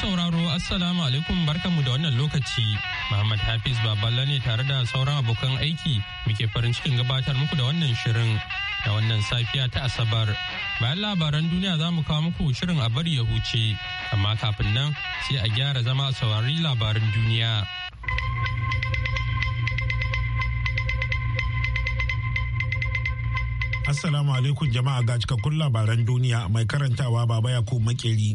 sauraro Assalamu alaikum barkanmu da wannan lokaci. Muhammad Hafiz Baballa ne tare da sauran abokan aiki muke farin cikin gabatar muku da wannan shirin da wannan safiya ta Asabar. Bayan labaran duniya za mu kawo muku shirin a bari ya huce, amma kafin nan sai a gyara zama a saurari labaran duniya. Assalamu alaikum jama'a ga cikakkun labaran duniya mai karantawa baba Yakubu Makeri.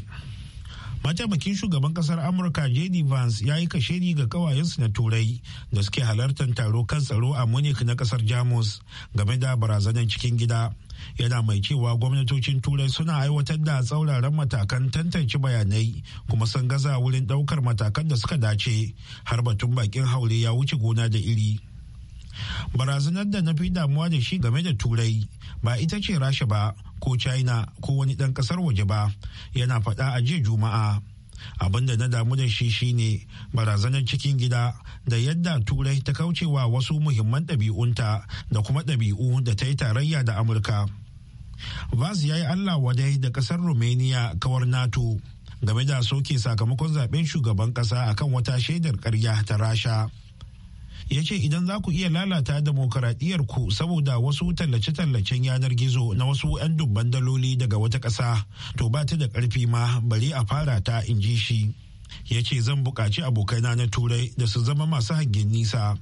mataimakin shugaban kasar amurka jd vance ya yi kashedi ga kawayensu na turai da suke halartar taro kan tsaro a munich na kasar jamus game da barazanar cikin gida yana mai cewa gwamnatocin turai suna aiwatar da tsauraran matakan tantance bayanai kuma sun gaza wurin daukar matakan da suka dace har batun bakin haure ya wuce gona da iri barazanar da na fi damuwa da shi game da turai ba ita ce rasha ba ko china ko wani ɗan ƙasar waje ba yana faɗa a jiya juma'a abinda na damu da shi shine barazanar cikin gida da yadda turai ta kaucewa wasu muhimman ɗabi'unta da kuma ɗabi'u da ta yi tarayya da amurka vas ya yi allah wadai da ƙasar romania kawar nato game da soke sakamakon zaben shugaban ƙasa akan wata shaidar ƙarya ta rasha ya ce idan za ku iya lalata demokaradiyyar ku saboda wasu tallace-tallacen yanar gizo na wasu 'yan dubban daloli daga wata ƙasa to ba ta da ƙarfi ma bari a fara ta in ji shi ya ce zan buƙaci abokaina na turai da su zama masu hangen nisa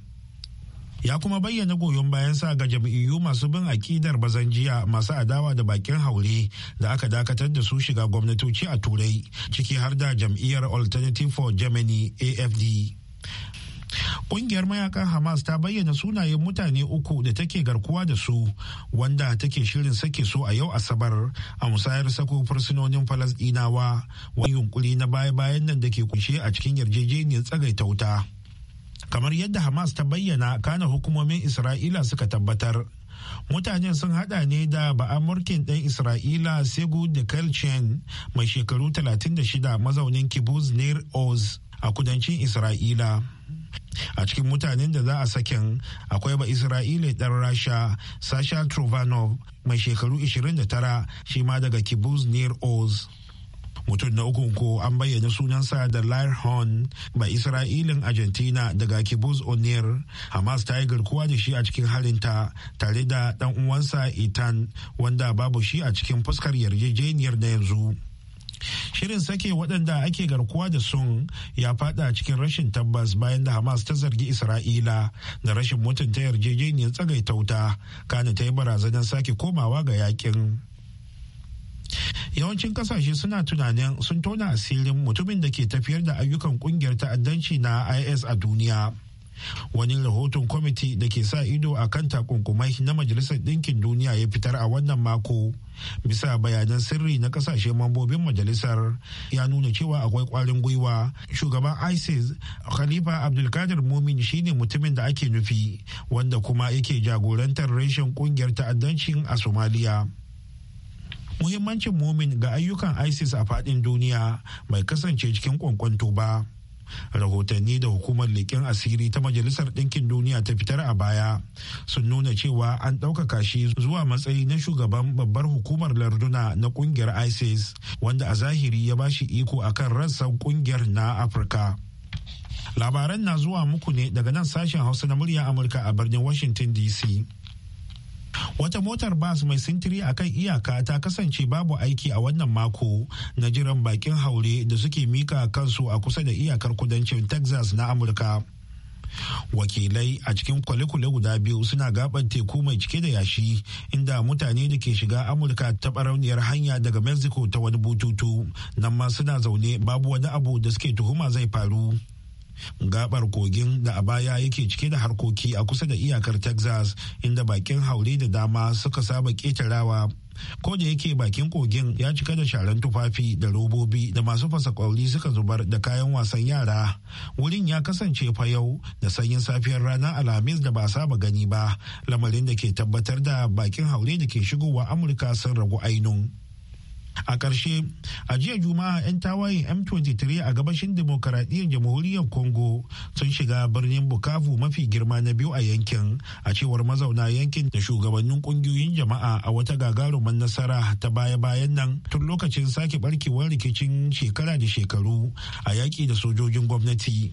ya kuma bayyana goyon bayan sa ga jam'iyyu masu bin akidar bazanjiya masu adawa da bakin haure da aka dakatar da su shiga gwamnatoci a turai ciki har da jam'iyyar alternative for germany afd kungiyar mayakan hamas ta bayyana sunayen mutane uku da take garkuwa da su wanda take shirin sake su a yau asabar a musayar sako fursunonin falasdinawa wani yunkuri na baya-bayan nan da ke kunshe a cikin yarjejeniyar tsagaita wuta kamar yadda hamas ta bayyana kana hukumomin isra'ila suka tabbatar mutanen sun hada ne da ba'amurkin ɗan isra'ila segu de kelchen mai shekaru 36 mazaunin kibbutz near oz a kudancin isra'ila a cikin mutanen da za a saken akwai ba isra'ila ɗan rasha sasha trovanov mai shekaru 29 shi ma daga kibbutz near oz mutum na ukun ko an bayyana sunansa da Lair Horn ba Isra'ilin Argentina daga Kibbutz onir Hamas ta yi garkuwa da shi a cikin halinta tare da ɗan uwansa Itan wanda babu shi a cikin fuskar yarjejeniyar na yanzu. shirin sake waɗanda ake garkuwa da sun ya fada cikin rashin tabbas bayan da hamas ta zargi isra'ila da rashin mutunta yarjejeniyar tsagaitauta kana ta yi barazanar sake komawa ga yakin yawancin kasashe suna tunanin sun tona asirin mutumin da ke tafiyar da ayyukan kungiyar ta'addanci na is a duniya wani rahoton kwamiti da ke sa ido a kan takunkumai na majalisar ɗinkin duniya ya fitar a wannan mako bisa bayanan sirri na kasashe mambobin majalisar ya nuna cewa akwai kwarin gwiwa shugaban isis khalifa abdulkadir mumin shine mutumin da ake nufi wanda kuma yake jagorantar reshen ƙungiyar ta'addancin a somaliya muhimmancin mumin ga ayyukan isis a faɗin duniya bai kasance cikin kwankwanto ba rahotanni da hukumar leƙen asiri ta majalisar ɗinkin duniya ta fitar a baya sun nuna cewa an ɗaukaka shi zuwa matsayi na shugaban babbar hukumar larduna na ƙungiyar isis wanda a zahiri ya ba shi iko a kan rassan ƙungiyar na afirka labaran na zuwa muku ne daga nan sashen hausa na murya amurka a birnin washington dc wata motar bas mai sintiri a kan iyaka ta kasance babu aiki a wannan mako na jiran bakin haure da suke mika kansu a kusa da iyakar kudancin texas na amurka wakilai a cikin kwale-kwale guda biyu suna gaban teku mai cike da yashi inda mutane da ke shiga amurka ta barauniyar hanya daga mexico ta wani bututu nan ma suna zaune babu wani abu da suke tuhuma zai faru gabar kogin da a baya yake cike da harkoki a kusa da iyakar texas inda bakin haure da dama suka saba ketarawa ko da yake bakin kogin ya cika da sharan tufafi da robobi da masu fasa kwauri suka zubar da kayan wasan yara wurin ya kasance fa yau da sanyin safiyar rana alhamis da ba saba gani ba lamarin da ke tabbatar da bakin haure da ke shigowa amurka sun ragu ainun a ƙarshe a jiya juma'a 'yan tawayen m23 a gabashin demokaradiyyar jamhuriyar congo sun shiga birnin bukavu mafi girma na biyu a yankin a cewar mazauna yankin da shugabannin ƙungiyoyin jama'a a wata gagarumar nasara ta baya-bayan nan tun lokacin sake barkewar rikicin shekara da shekaru a yaƙi da sojojin gwamnati.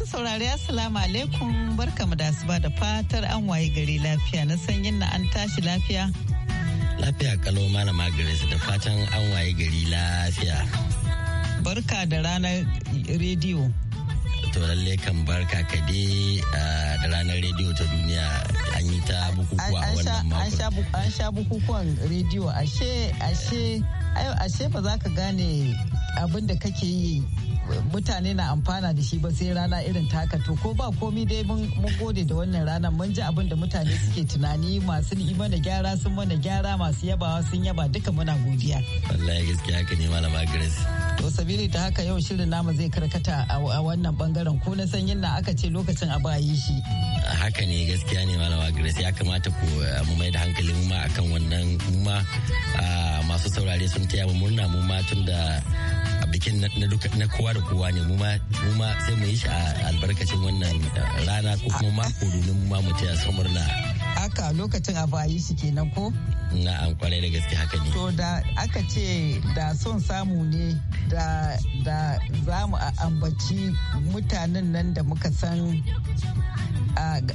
Masu saurari Assalamu alaikum barkamu da asuba da fatar an waye gari lafiya na sanyin na an tashi lafiya. Lafiya kalau malama su da fatan an waye gari lafiya. Barka da ranar rediyo. To lalle kan barka ka da ranar rediyo ta duniya an yi ta bukukuwa wannan mako. An sha bukukuwan rediyo ashe ashe ashe ba za ka gane abin da kake yi mutane na amfana da shi ba sai rana irin taka to ko ba komi dai mun gode da wannan rana mun ji abin da mutane suke tunani masu yi mana gyara sun mana gyara masu yabawa sun yaba duka muna godiya wallahi gaskiya haka ne malama grace to sabili da haka yau shirin namu zai karkata a wannan bangaren ko na sanyin na aka ce lokacin a ba yi shi haka ne gaskiya ne malama grace ya kamata ku eh, mu mai da hankali mu ma akan wannan mu ah, masu saurare sun taya mu murna mu ma tun da bikin na kowa da kowa ne mu ma sai mu yi shi a albarkacin wannan eh, rana ko kuma mako domin mu ma mu taya su murna haka lokacin a bayi shi kenan ko? Na'am kwarai da gaske haka ne. To da aka ce da son samu ne da da za mu ambaci mutanen nan da muka san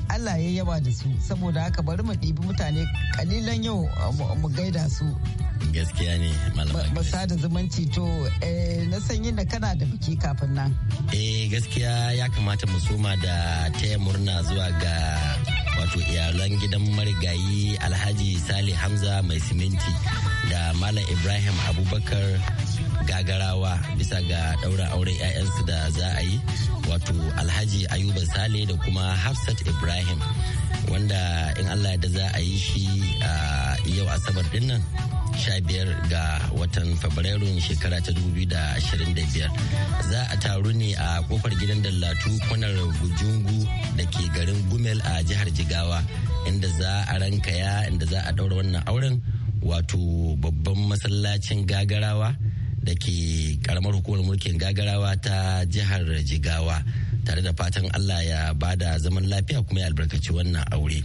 Allah ya yawa da su saboda haka bari mu ɗibi mutane kalilan yau mu gaida su. gaskiya ne malama Basa da zumunci to eh, na san yin da kana da biki kafin nan eh gaskiya ya kamata mu soma da taya murna zuwa ga wato iyalan gidan marigayi alhaji sali hamza mai siminti da malam ibrahim abubakar gagarawa bisa ga daura auren 'ya'yansu da za a yi wato alhaji ayuba sale da kuma hafsat ibrahim wanda in allah da za a yi shi a ah, yau asabar dinnan 15 ga watan fabrairun shekara ta 2025 za a taru ne a kofar gidan dallatu kwanar gujungu da ke garin gumel a jihar jigawa inda za a rankaya inda za a daura wannan auren wato babban masallacin gagarawa da ke karamar hukumar mulkin gagarawa ta jihar jigawa tare da fatan allah ya bada zaman lafiya kuma ya albarkaci wannan aure.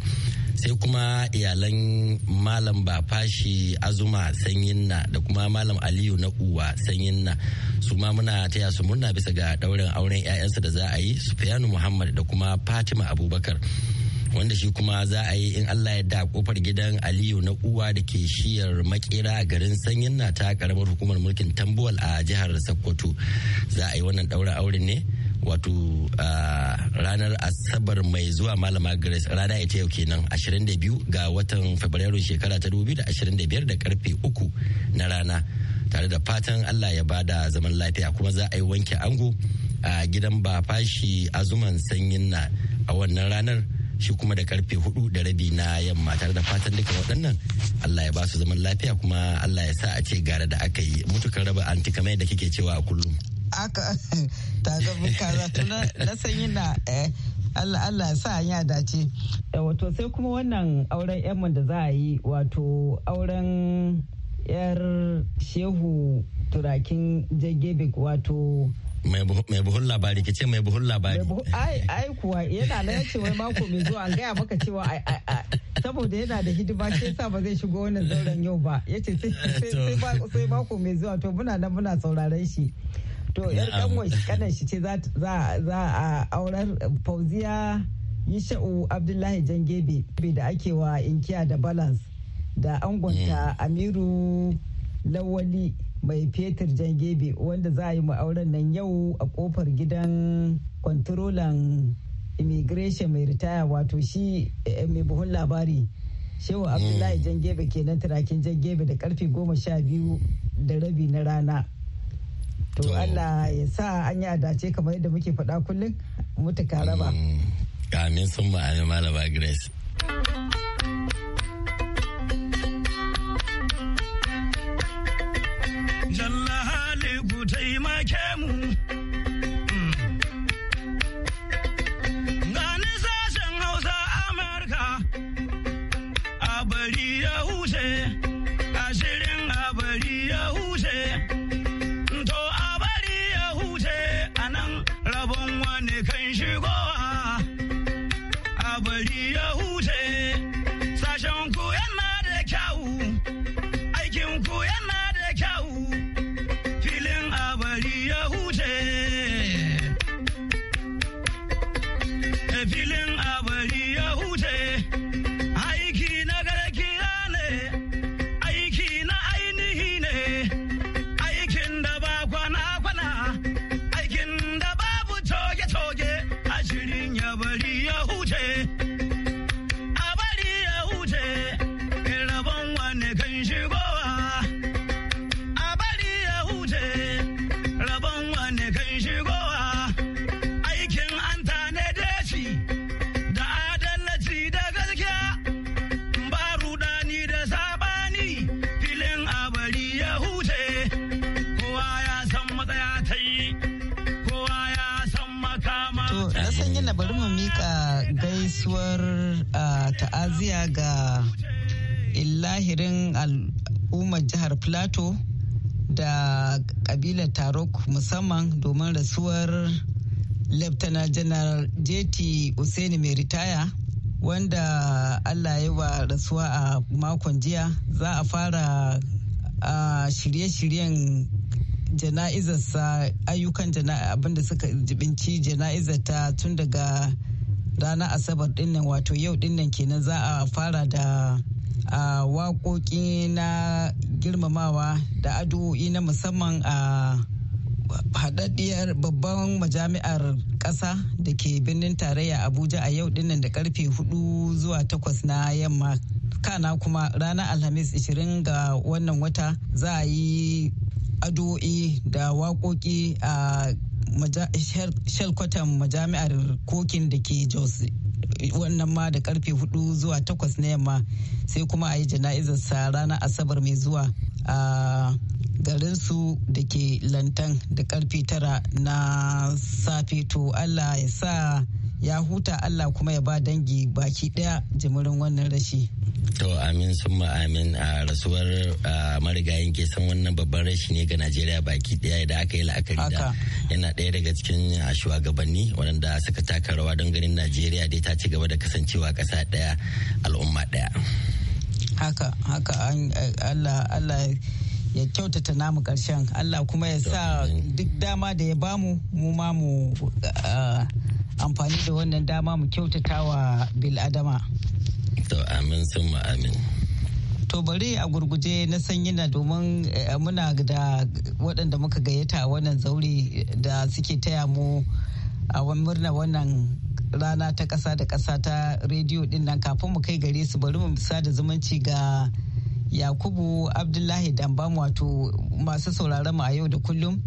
sai kuma iyalan malam bafashi azuma sanyin na da kuma malam aliyu na uwa sanyin na su ma muna taya su murna bisa ga ɗaurin auren 'ya'yansa da za a yi sufiyanu muhammad da kuma fatima abubakar wanda shi kuma za a yi in Allah ya da kofar gidan Aliyu na uwa da ke shiyar makera a garin sanyin na ta karamar hukumar mulkin tambuwal a jihar Sokoto za a yi wannan daura auren ne wato ranar asabar mai zuwa malama grace rana ita yau kenan 22 ga watan fabrairu shekara ta 2025 da karfe 3 na rana tare da fatan allah ya bada zaman lafiya kuma za a yi wanke ango a gidan ba bafashi azuman sanyin na a wannan ranar shi kuma da karfe hudu da rabi na yamma tare da fatan duka waɗannan Allah ya ba su zaman lafiya kuma Allah ya sa a ce gara da aka yi mutukan raba anti mai da kike cewa a kullum. aka ta zama kaza na sanyi na eh, Allah Allah sa ya dace. Wato sai kuma wannan auren yanmu da za a yi wato auren yar shehu turakin jagebe wato mai buhun labari ke ce mai buhun labari ai kuwa yana na ce wai mako mai zuwa an gaya maka cewa ai ai ai saboda yana da hidima shi yasa ba zai shigo wannan zauren yau ba yace sai mako mai zuwa to muna nan muna sauraron shi to yar kanan shi ce za a aurar fauziya yisha'u abdullahi jangebe da ake wa inkiya da balance da angonta hmm. amiru lawali mai fetur jangebe wanda za a yi auren nan yau a kofar gidan kwantirolan immigration mai ritaya wato shi eh, mai buhun labari shehu abdullahi hmm. jangebe kenan turakin jangebe da karfe goma sha biyu da rabi na rana to Allah ya sa an yi dace kamar yadda muke faɗa kullum mutu ka raba amin sun ma'ani malama grace bari mu mika gaisuwar ta'aziya ga illahirin al'ummar jihar plateau da kabilar tarok musamman domin rasuwar Leftana Janar JT Usaini mai ritaya wanda Allah ya wa rasuwa a makon jiya za a fara shirye-shiryen sa ayyukan abinda suka jibinci jana'izar ta tun daga ranar asabar dinnan wato yau dinnan kenan za a fara da a waƙoƙi na girmamawa da addu'o'i na musamman a haɗaɗɗiyar babban majami'ar ƙasa da ke birnin tarayya abuja a yau dinnan da karfe 4 zuwa 8 na yamma kana kuma ranar alhamis 20 ga wannan wata za a yi addu'o'i da waƙoƙi a shelkwatan majami'ar kokin da ke jos wannan ma da karfe 4 zuwa 8 na yamma sai kuma a yi jana'izarsa ranar asabar mai zuwa a garinsu da ke lantan da karfe 9 na safe to allah ya sa ya huta allah kuma ya ba dangi baki daya jimirin wannan rashi To amin sun amin a rasuwar marigayin ke san wannan babban rashi ne ga Najeriya baki daya da aka yi la'akari da yana daya daga cikin shugabanni wadanda suka taka rawa don ganin Najeriya dai ta ci gaba da kasancewa kasa daya al'umma daya Haka haka Allah Allah ya kyautata namu ƙarshen Allah kuma ya sa duk dama da ya bamu mu ma mu amfani da wannan dama mu kyautata wa bil'adama. amin sun amin. to bari a gurguje na sanyi na domin eh, muna da waɗanda muka gayyata a wannan zaure da suke taya mu a murna wannan rana ta ƙasa da ƙasa ta rediyo ɗin nan kafin mu kai gare su bari mu bisa da zumunci ga yakubu abdullahi dambam wato masu sauraron mu a yau da kullum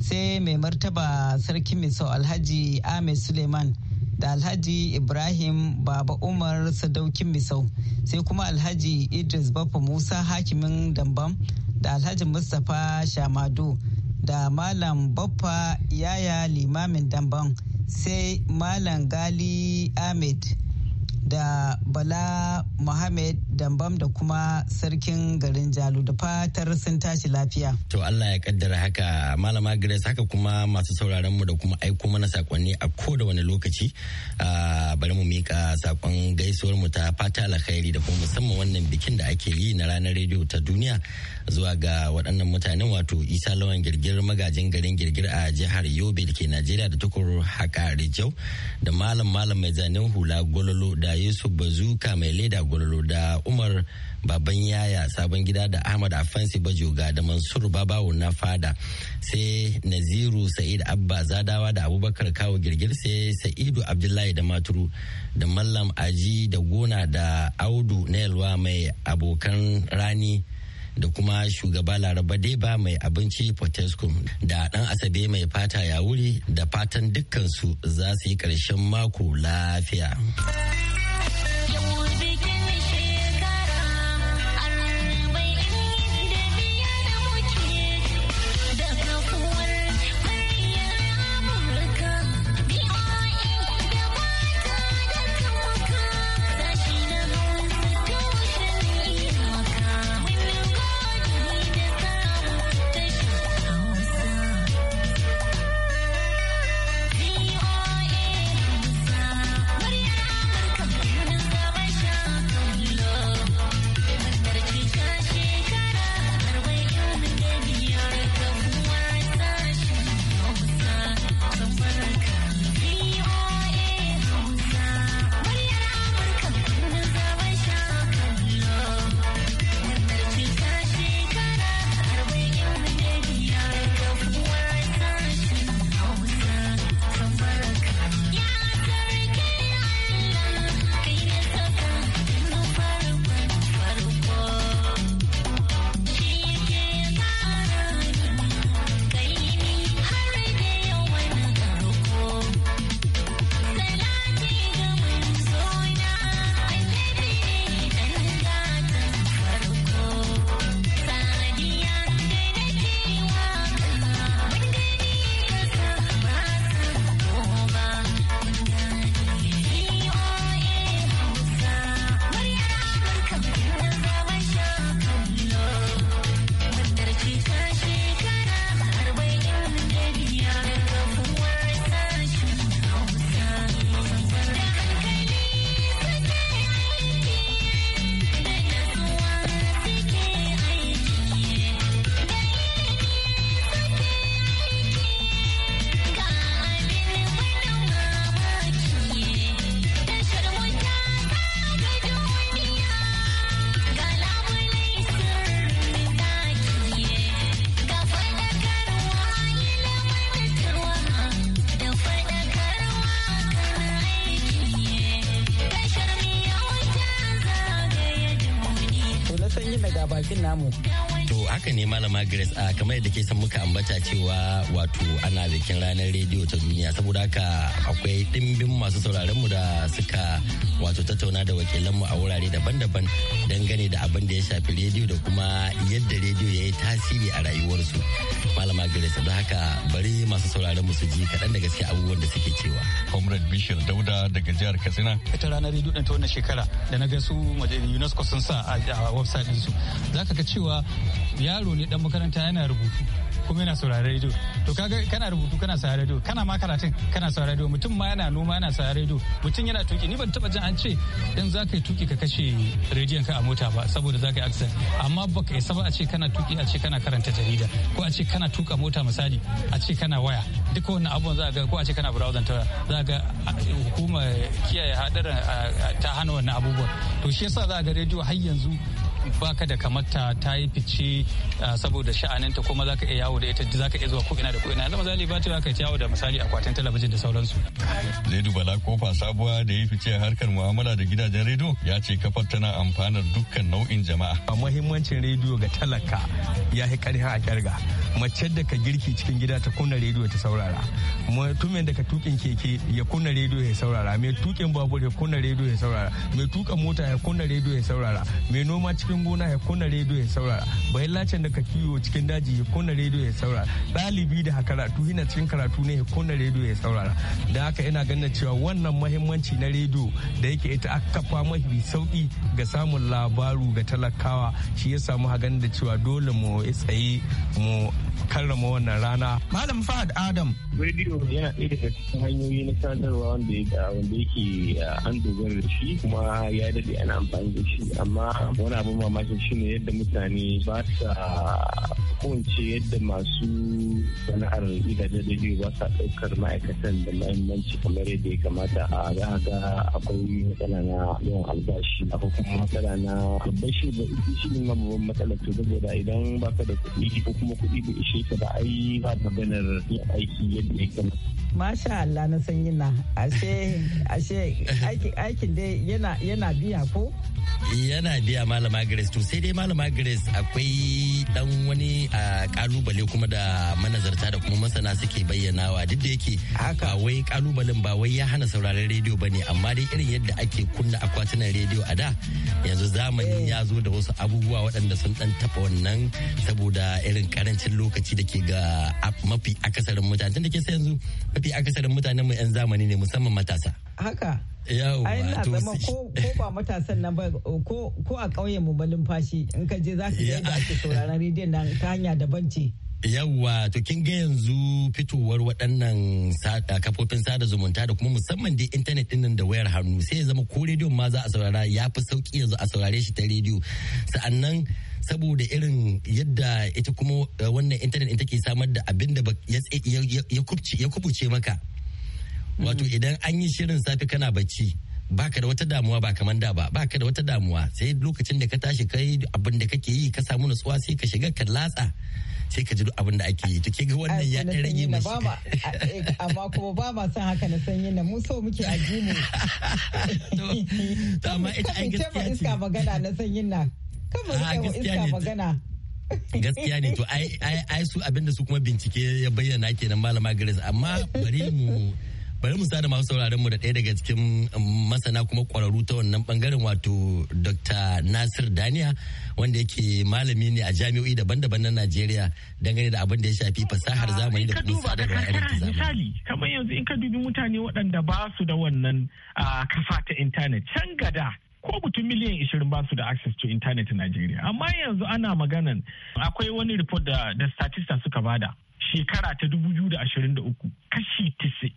sai mai martaba sarki mai sau alhaji ahmed suleiman da alhaji ibrahim baba umar sadaukin misau sai kuma alhaji idris bafa musa hakimin dambam da alhaji mustapha shamadu da malam bafa yaya limamin dambam sai malam gali ahmed da bala muhammad dambam da kuma sarkin garin Jalu da fatar sun tashi lafiya to allah ya kaddara haka malama grace haka kuma masu sauraron mu da kuma aiko mana sakonni a ko da wani lokaci bari mu mika sakon gaisuwar mu ta fata alkhairi da kuma musamman wannan bikin da ake yi na ranar rediyo ta duniya zuwa ga waɗannan mutanen wato isa lawan girgir magajin garin girgir a jihar yobe da ke najeriya da tukur haka rijau da malam malam mai zanen hula gololo da yusuf bazuka mai leda gwalolo da umar baban yaya sabon gida da ahmad afansi bajoga da mansur babawo na fada sai naziru sa'id abba zadawa da abubakar kawo girgir sai sa'idu abdullahi da maturu da mallam aji da gona da audu na yalwa mai abokan rani da kuma shugaba laraba deba mai abinci potescom da dan asabe mai fata ya wuri da fatan dukkansu za su yi ƙarshen mako lafiya. samu. To haka ne malama Grace a ah, kamar yadda ke san muka ambata cewa wato ana bikin ranar rediyo ta duniya saboda haka akwai dimbin masu sauraron mu da suka wato tattauna da wakilanmu a wurare daban-daban dangane da abin da ya shafi rediyo da kuma yadda rediyo ya yi tasiri a rayuwarsu malama grace da haka bari masu sauraron mu su ji kaɗan da gaske abubuwan da suke cewa comrade bishir dauda daga jihar katsina ita ranar rediyo ɗin ta wannan shekara da na ga su unesco sun sa a website ɗinsu za ka ga cewa yaro ne dan makaranta yana rubutu kuma yana saurari radio to kaga kana rubutu kana saurari radio kana ma karatun kana saurari radio mutum ma yana noma yana saurari radio mutum yana tuki ni ban taba jin an ce dan za ka yi tuki ka kashe rediyon ka a mota ba saboda za ka yi accident amma baka isa ba a ce kana tuki a ce kana karanta jarida ko a ce kana tuka mota misali a ce kana waya duka wannan abubuwan za ga ko a ce kana browser ta za ga hukumar kiyaye hadarin ta hana wannan abubuwan to shi yasa za ga rediyo har yanzu baka da kamata ta yi fice ah, saboda sha'aninta kuma za ka iya yawo da ita za ka iya zuwa ko'ina da ko'ina yanzu misali ba ta ka yawo da misali akwatin talabijin da sauransu. Zaidu Bala kofa sabuwa da ya fice harkar mu'amala da gidajen rediyo ya ce kafar tana amfanar dukkan nau'in jama'a. a mahimmancin rediyo ga talaka ya fi karfi a kyarga. Mace da ka girki cikin gida ta kunna rediyo ta saurara. Mutumin da ka tukin keke ya kunna rediyo ya saurara. Mai tukin babur ya kunna rediyo ya saurara. Mai tuka mota ya kunna rediyo ya saurara. Mai noma cikin dabbobin gona ya kunna rediyo ya saurara bayan lacin da ka kiwo cikin daji ya kunna rediyo ya saurara ɗalibi da karatu yana cikin karatu ne ya kunna rediyo ya saurara da haka ina ganin cewa wannan mahimmanci na rediyo da yake ita aka kafa mafi sauki ga samun labaru ga talakawa shi ya samu hagan da cewa dole mu tsaye mu karrama wannan rana. Malam Fahad Adam. Rediyo yana ɗaya daga cikin hanyoyi na sadarwa wanda yake ah, an dogara da shi kuma ya daɗe ana amfani da shi amma wani abu ma mamakin ne yadda mutane ba sa kunce yadda masu sana'ar gidajen rediyo ba sa ɗaukar ma'aikatan da mahimmanci kamar yadda ya kamata a za ga akwai matsala na yawan albashi akwai kuma matsala na albashi da ita shi ne babban matsalar to saboda idan ba ka da kuɗi ko kuma kuɗi da ishe ka da ai ba ganar yin aiki yadda ya kamata. Masha Allah na san na ashe ashe aikin dai yana biya ko? yana biya malama grace to sai dai malama grace akwai dan wani kalubale kuma da manazarta da kuma masana suke bayyanawa duk da yake haka wai kalubalen ba wai ya hana sauraron rediyo bane amma dai irin yadda ake kunna akwatunan rediyo a da yanzu zamani eh. ya zo da wasu abubuwa waɗanda sun dan taba wannan saboda irin karancin lokaci da ke ga mafi akasarin mutane tun da ke sai yanzu mafi akasarin mutanen mu 'yan zamani ne musamman matasa haka ai na zama ko ba matasan nan ba ko a ƙauyen mu balin fashi in ka je za ka je da ake sauraron rediyon nan ta hanya daban ce yawwa to kin ga yanzu fitowar waɗannan kafofin sada zumunta da kuma musamman da intanet ɗin da wayar hannu sai ya zama ko rediyon ma za a saurara ya fi sauki yanzu a saurare shi ta rediyo sa'annan saboda irin yadda ita kuma eh, wannan intanet in take samar da abin da ya kubuce maka wato mm. idan an yi shirin safe kana bacci baka da wata damuwa ba kamar da ba baka da wata damuwa sai lokacin da ka tashi kai abin da kake yi ka samu nutsuwa sai ka shiga ka latsa sai ka ji duk abin da ake yi to ke ga wannan ya dan rage mishi amma kuma ba ma san haka na sanyi na mu so muke aji mu to amma ita ai gaskiya iska magana na sanyin nan kamar ah, iska magana gaskiya ne to ai su abinda su kuma bincike ya bayyana kenan malama grace amma bari mu bari mu sada masu sauraron mu da ɗaya daga cikin um, masana kuma kwararru ta wannan bangaren wato dr nasir daniya wanda yake malami ne a jami'o'i daban-daban na najeriya dangane da abin da ya shafi fasahar ah, zamani da kuma sadarwa misali kamar yanzu in ka dubi mutane waɗanda ba su da wannan ah, kafa ta intanet can gada ko mutum miliyan 20 ba su da access to internet a Najeriya. Amma yanzu ana maganan akwai wani report da statista suka bada shekara ta 2023 kashi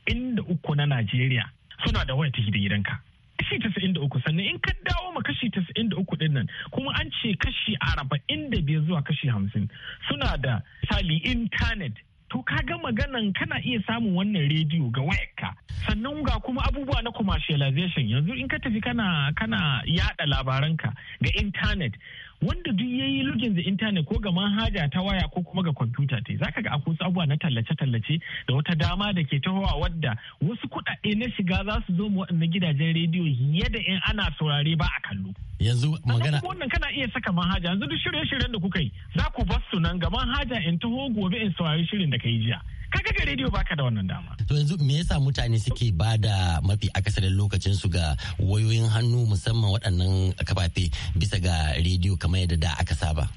93 na Najeriya suna da waya ta gidanka. kashi tasa'in da uku sannan in ka dawo ma kashi tasa'in da uku din nan kuma an ce kashi arba'in da biyar zuwa kashi hamsin suna da sali intanet to ka ga maganan kana iya samun wannan rediyo ga wayarka sannan ga kuma abubuwa na commercialization yanzu in ka tafi kana kana yada labaranka ga intanet wanda duk yayi login da intanet ko ga manhaja ta waya ko kuma ga kwamfuta ta zaka ga akwai abubuwa na tallace-tallace da wata dama da ke tahowa wadda wasu kuɗaɗe na shiga za su zo mu waɗannan gidajen rediyo yadda in ana saurare ba a kallo yanzu magana wannan kana iya saka manhaja yanzu duk shirye-shiryen da kuka yi za ku bar su nan ga manhaja in taho gobe in saurari shirin da ka yi jiya kaga ga rediyo baka da wannan dama to yanzu me yasa mutane suke ba da mafi akasarin lokacin su ga wayoyin hannu musamman waɗannan kafafe bisa ga rediyo kamar yadda da aka saba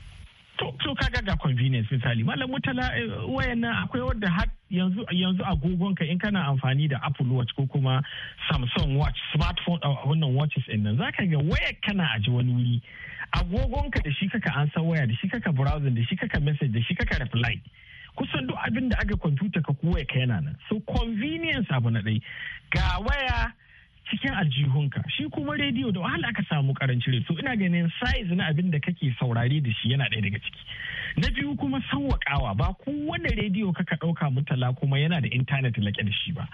to kaga ga convenience misali malam mutala eh, wayan akwai wadda har yanzu yanzu agogon ka in kana amfani da apple watch ko kuma samsung watch smartphone ah, wannan watches din nan zaka ga waya kana aji wani wuri agogon ka da shi kaka ansa waya da shi kaka browsing da shi kaka message da shi kaka reply kusan duk abin da aka kwamfuta ka kuwa ka yana nan so convenience abu na ɗai ga waya cikin aljihunka shi kuma rediyo da wahala aka samu karanci rediyo ina ganin size na abin da kake saurare da shi yana ɗaya daga ciki na biyu kuma sauwaƙawa ba kowane rediyo kaka ɗauka mutala kuma yana da intanet laƙe da shi ba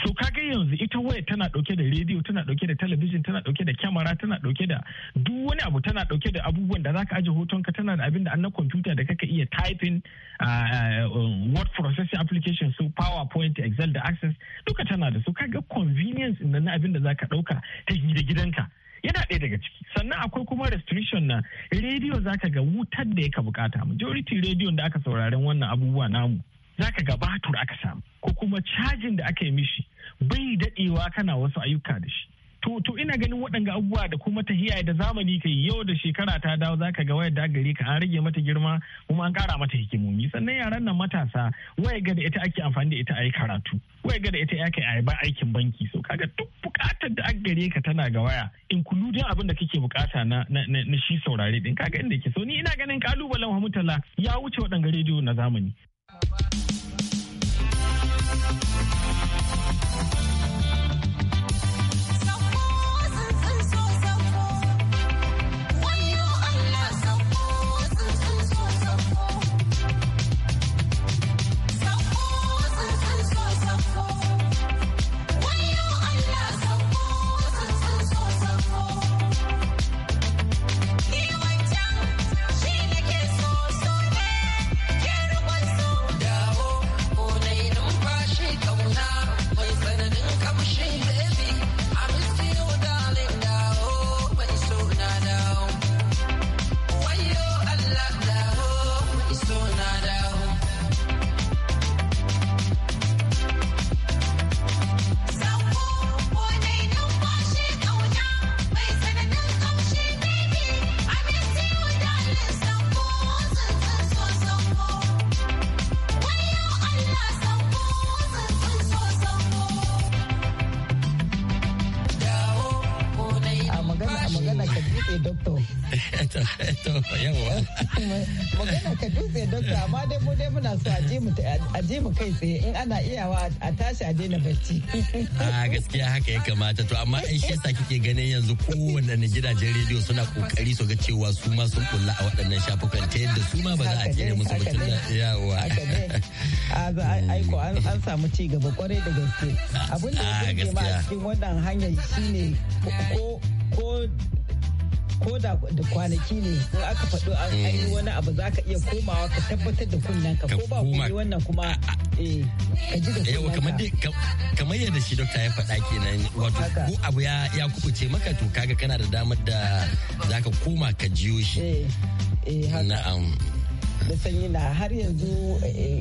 so kaga yanzu ita waya tana dauke da rediyo tana dauke da talabijin tana dauke da kyamara tana dauke da duk wani abu tana dauke da abubuwan da zaka aje hotonka tana da abin da an na kwamfuta da kaka iya typing um, word processing application su powerpoint excel da access duka tana da su kaga convenience na abin da zaka dauka ta gida gidanka yana ɗaya daga ciki sannan akwai kuma restriction na rediyo zaka ga wutar da yaka bukata majority rediyon da aka sauraren wannan abubuwa namu zaka ga batur aka samu ko kuma cajin da aka yi mishi bai daɗewa kana wasu ayyuka da shi to to ina ganin waɗanga abubuwa da kuma ta hiyaye da zamani kai yau da shekara ta dawo zaka ga wayar da gare ka an rage mata girma kuma an ƙara mata hikimomi sannan yaran nan matasa waya ga da ita ake amfani da ita a karatu waya ga da ita ake kai ba aikin banki so kaga duk buƙatar da aka gare ka tana ga waya inkludin abin da kake buƙata na shi saurare din kaga inda ke so ni ina ganin kalubalen mutala ya wuce waɗanga rediyo na zamani para, para. kai tsaye in ana iyawa a tashi a daina barci. A ah, gaskiya haka ya kamata to amma ai shi kike ganin yanzu kowanne gidajen rediyo suna kokari su ga cewa su ma sun kula a waɗannan shafukan ta yadda su ma ba za a jere musu tun da yawa. Aiko an samu ci gaba kwarai da gaske. Abin da ya ah, ma a cikin wannan hanyar shine ko ko da kwanaki ne in aka faɗo an yi mm. wani abu za ka iya komawa ka tabbatar da kunnen ka ko ba ku yi wannan kuma eh, ka ji da eh, yawa kamar kamar yadda shi dokta ya faɗa kenan wato ko abu ya ya kubuce maka to kaga kana da damar da zaka koma ka jiyo shi eh, na'am da sanyi na har yanzu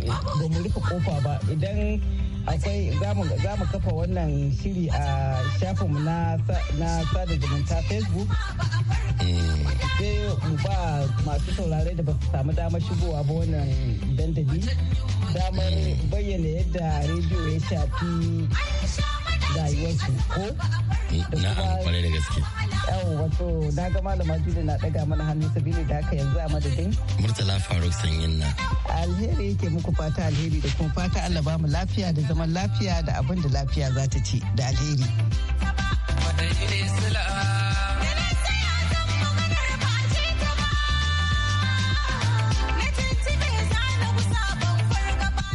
ba mu rufe kofa ba idan akwai za mu kafa wannan shiri a shafinmu na sada zumunta facebook eh. sai mu ba masu saurare da ba su samu damar shigowa ba wannan dandali damar bayyana yadda rediyo ya shafi rayuwarsu ko da eh, gaske yawo wato na ga malama juli na daga mana hannu sabili da aka yanzu a madadin murtala faruk sanyin na alheri yake muku fata alheri da kuma fata allah ba mu lafiya da zaman lafiya da abin da lafiya za ta ci da alheri